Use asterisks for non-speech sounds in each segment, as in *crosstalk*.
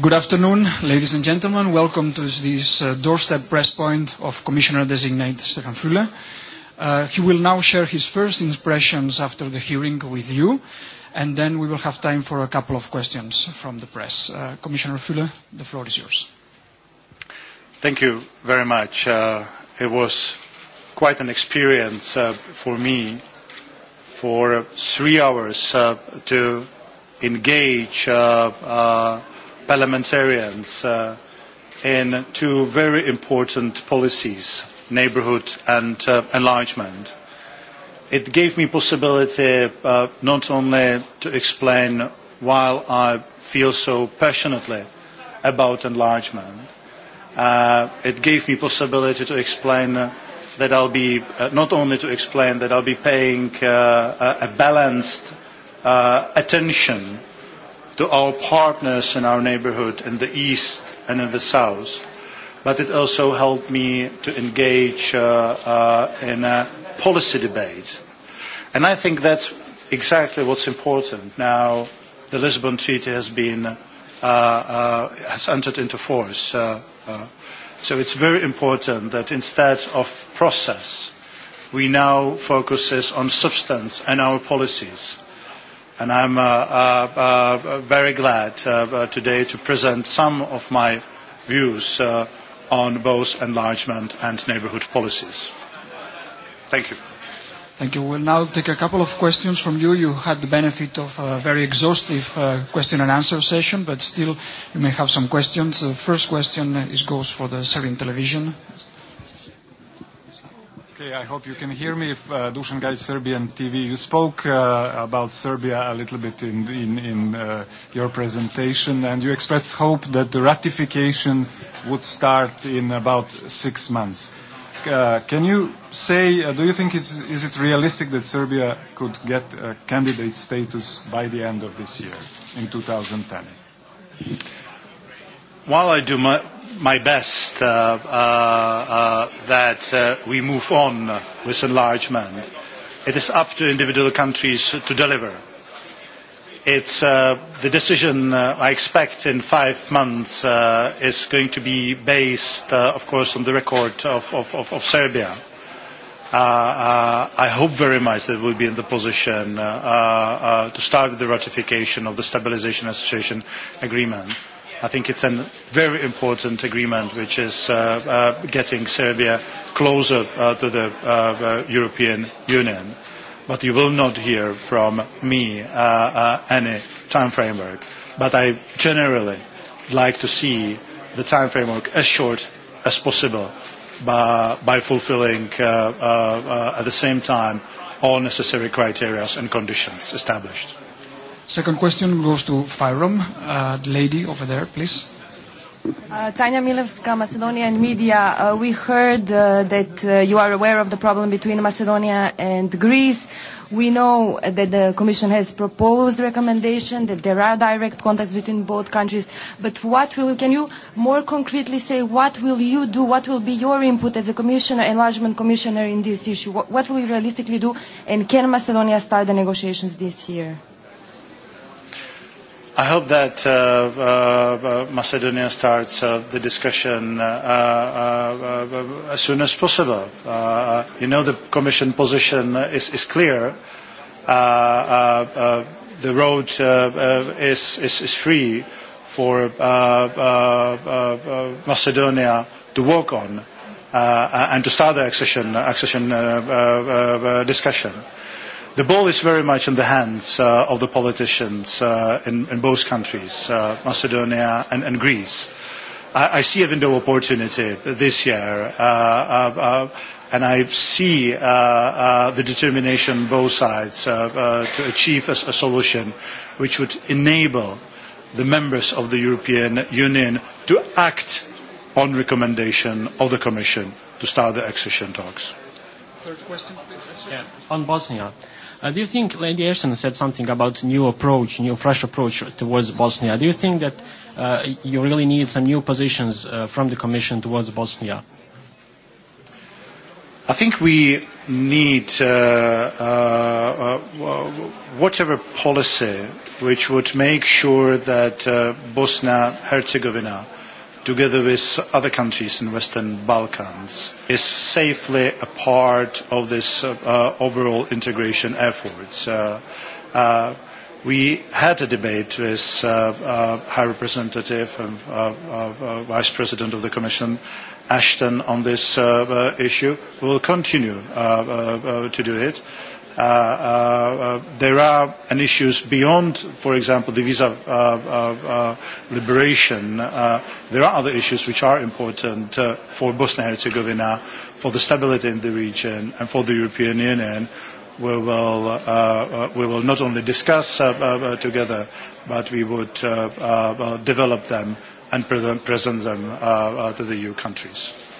Good afternoon, ladies and gentlemen. Welcome to this uh, doorstep press point of Commissioner-designate Stefan Füle. Uh, he will now share his first impressions after the hearing with you, and then we will have time for a couple of questions from the press. Uh, Commissioner Füle, the floor is yours. Thank you very much. It was quite an experience for me for three hours to engage parliamentarians uh, in two very important policies, neighbourhood and uh, enlargement. It gave me possibility uh, not only to explain why I feel so passionately about enlargement, uh, it gave me possibility to explain uh, that I'll be, uh, not only to explain that I'll be paying uh, a, balanced uh, attention to our partners in our neighborhood in the east and in the south. But it also helped me to engage uh, uh, in a policy debate. And I think that's exactly what's important. Now, the Lisbon Treaty has been, uh, uh, has entered into force. Uh, uh, so it's very important that instead of process, we now focus on substance and our policies and I'm uh, uh, uh, very glad uh, uh, today to present some of my views uh, on both enlargement and neighbourhood policies. Thank you. Thank you. We'll now take a couple of questions from you. You had the benefit of a very exhaustive uh, question and answer session, but still you may have some questions. The first question is, goes for the Serbian television. Okay, I hope you can hear me. If, uh, Dusan Gaj, Serbian TV. You spoke uh, about Serbia a little bit in, in, in uh, your presentation, and you expressed hope that the ratification would start in about six months. Uh, can you say, uh, do you think it's, is it realistic that Serbia could get a candidate status by the end of this year, in 2010? While I do my my best uh, uh, uh, that uh, we move on with enlargement. It is up to individual countries to deliver. It's uh, the decision uh, I expect in five months uh, is going to be based, uh, of course, on the record of, of, of, of Serbia. Uh, uh, I hope very much that we'll be in the position uh, uh, uh to start with the ratification of the Stabilization Association Agreement I think it's a very important agreement which is uh, uh, getting Serbia closer uh, to the uh, uh, European Union. But you will not hear from me uh, uh, any time framework. But I generally like to see the time framework as short as possible by, by fulfilling uh, uh, uh, at the same time all necessary criteria and conditions established. Second question goes to Fyrom. Uh, the lady over there, please. Uh, Tanya Milevska, Macedonian media. Uh, we heard uh, that uh, you are aware of the problem between Macedonia and Greece. We know that the Commission has proposed recommendation that there are direct contacts between both countries. But what will can you more concretely say? What will you do? What will be your input as a Commissioner, Enlargement Commissioner, in this issue? What, what will you realistically do? And can Macedonia start the negotiations this year? I hope that uh, uh, Macedonia starts uh, the discussion uh, uh, uh, as soon as possible. Uh, you know the Commission position is, is clear. Uh, uh, uh, the road uh, uh, is, is, is free for uh, uh, uh, Macedonia to work on uh, and to start the accession, accession uh, uh, uh, discussion. Uh, the ball is very much in the hands uh, of the politicians uh, in, in both countries, uh, Macedonia and, and Greece. I, I see a window of opportunity this year, uh, uh, uh and I see uh, uh, the determination both sides uh, uh, to achieve a, a solution which would enable the members of the European Union to act on recommendation of the Commission to start the accession talks. Third question, please. Yeah. On Bosnia. Uh, do you think Lady Ashton said something about new approach, new fresh approach towards Bosnia? Do you think that uh, you really need some new positions uh, from the Commission towards Bosnia? I think we need uh, uh, uh, whatever policy which would make sure that uh, Bosnia-Herzegovina together with other countries in Western Balkans, is safely a part of this uh, overall integration effort. Uh, uh, we had a debate with uh, uh, High Representative and uh, uh, uh, Vice President of the Commission, Ashton, on this uh, uh, issue. We will continue uh, uh, uh, to do it there are issues beyond, for example, the visa uh, liberation. there are other issues which are important for Bosnia and Herzegovina, for the stability in the region, and for the European Union. We will, we will not only discuss together, but we would develop them and present, present them to the EU countries.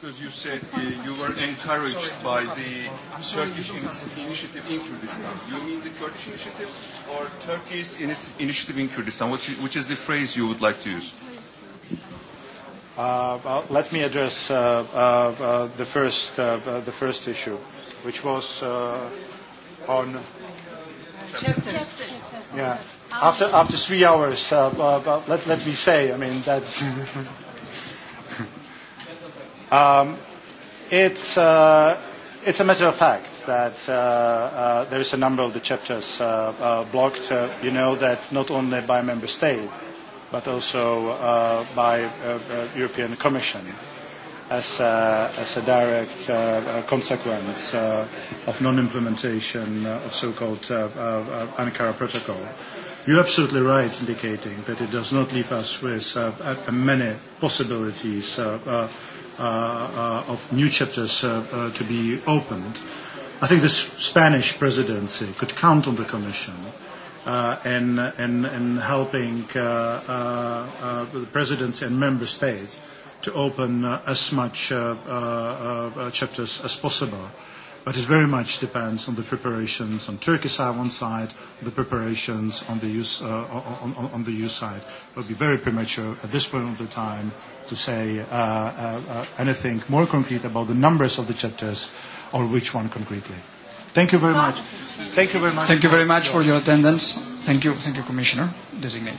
because you said uh, you were encouraged by the Turkish in- initiative in Kurdistan. Do you mean the Kurdish initiative or Turkey's in- initiative in Kurdistan, which, which is the phrase you would like to use? Uh, well, let me address uh, uh, uh, the, first, uh, uh, the first issue, which was uh, on chapters. Yeah. After, after three hours, uh, uh, uh let, let me say, I mean, that's. *laughs* Um, it's, uh, it's a matter of fact that uh, uh, there is a number of the chapters uh, uh, blocked. Uh, you know that not only by member state, but also uh, by uh, uh, European Commission as a, uh, as a direct uh, uh, consequence uh, of non-implementation of so-called uh, uh, Ankara Protocol. You're absolutely right indicating that it does not leave us with uh, many possibilities uh, uh, Uh, uh, of new chapters uh, to be opened. I think the Spanish presidency could count on the Commission uh, in, and helping uh, uh, the presidents and member states to open uh, as much uh, uh, chapters as possible. But it very much depends on the preparations on Turkey's side, one side, the preparations on the EU, uh, on, on, on the EU side. It would be very premature at this point of the time to say uh, uh, uh, anything more concrete about the numbers of the chapters or which one concretely. Thank you very much. Thank you very much. Thank you very much for your attendance. Thank you. Thank you, Commissioner Designate.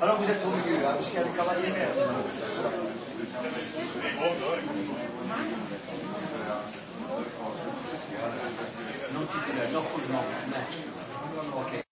Allora Non, tu mi dirà? Si chiama Cavaliere Non non, direi, no, no, no. non,